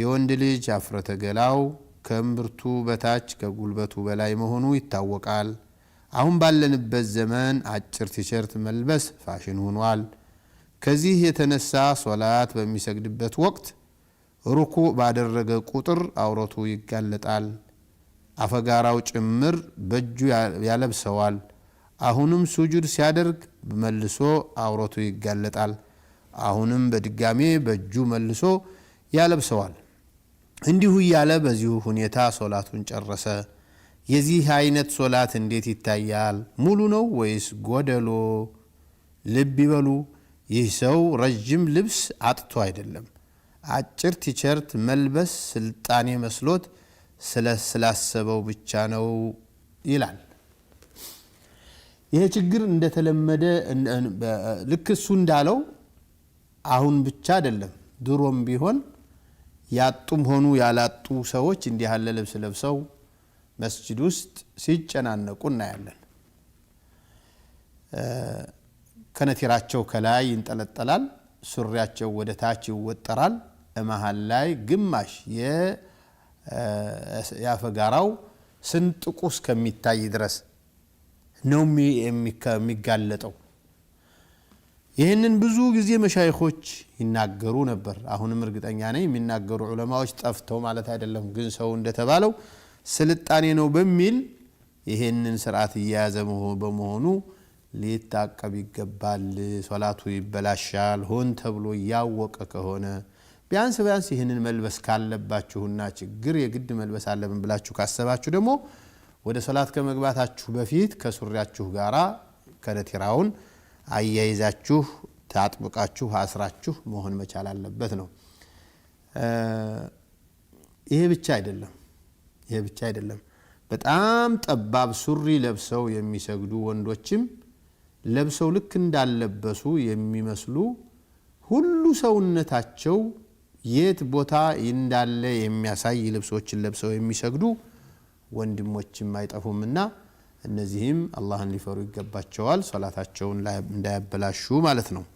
የወንድ ልጅ አፍረተ ገላው ከእምብርቱ በታች ከጉልበቱ በላይ መሆኑ ይታወቃል። አሁን ባለንበት ዘመን አጭር ቲሸርት መልበስ ፋሽን ሆኗል። ከዚህ የተነሳ ሶላት በሚሰግድበት ወቅት ሩኩ ባደረገ ቁጥር አውረቱ ይጋለጣል። አፈጋራው ጭምር በእጁ ያለብሰዋል። አሁንም ሱጁድ ሲያደርግ መልሶ አውረቱ ይጋለጣል። አሁንም በድጋሜ በእጁ መልሶ ያለብሰዋል። እንዲሁ እያለ በዚሁ ሁኔታ ሶላቱን ጨረሰ። የዚህ አይነት ሶላት እንዴት ይታያል? ሙሉ ነው ወይስ ጎደሎ? ልብ ይበሉ፣ ይህ ሰው ረዥም ልብስ አጥቶ አይደለም። አጭር ቲሸርት መልበስ ስልጣኔ መስሎት ስላሰበው ብቻ ነው ይላል። ይሄ ችግር እንደተለመደ ልክ እሱ እንዳለው አሁን ብቻ አይደለም፣ ድሮም ቢሆን ያጡም ሆኑ ያላጡ ሰዎች እንዲህ ያለ ልብስ ለብሰው መስጅድ ውስጥ ሲጨናነቁ እናያለን። ከነቲራቸው ከላይ ይንጠለጠላል፣ ሱሪያቸው ወደ ታች ይወጠራል። መሀል ላይ ግማሽ የአፈጋራው ስንጥቁ እስከሚታይ ድረስ ነው የሚጋለጠው። ይህንን ብዙ ጊዜ መሻይኮች ይናገሩ ነበር። አሁንም እርግጠኛ ነኝ የሚናገሩ ዑለማዎች ጠፍተው ማለት አይደለም፣ ግን ሰው እንደተባለው ስልጣኔ ነው በሚል ይህንን ስርዓት እያያዘ በመሆኑ ሊታቀብ ይገባል። ሶላቱ ይበላሻል። ሆን ተብሎ እያወቀ ከሆነ ቢያንስ ቢያንስ ይህንን መልበስ ካለባችሁና ችግር የግድ መልበስ አለብን ብላችሁ ካሰባችሁ ደግሞ ወደ ሶላት ከመግባታችሁ በፊት ከሱሪያችሁ ጋራ ከነቲራውን አያይዛችሁ ታጥብቃችሁ አስራችሁ መሆን መቻል አለበት ነው። ይሄ ብቻ አይደለም። ይሄ ብቻ አይደለም። በጣም ጠባብ ሱሪ ለብሰው የሚሰግዱ ወንዶችም ለብሰው ልክ እንዳለበሱ የሚመስሉ ሁሉ ሰውነታቸው የት ቦታ እንዳለ የሚያሳይ ልብሶችን ለብሰው የሚሰግዱ ወንድሞችም አይጠፉምና እነዚህም አላህን ሊፈሩ ይገባቸዋል። ሶላታቸውን እንዳያበላሹ ማለት ነው።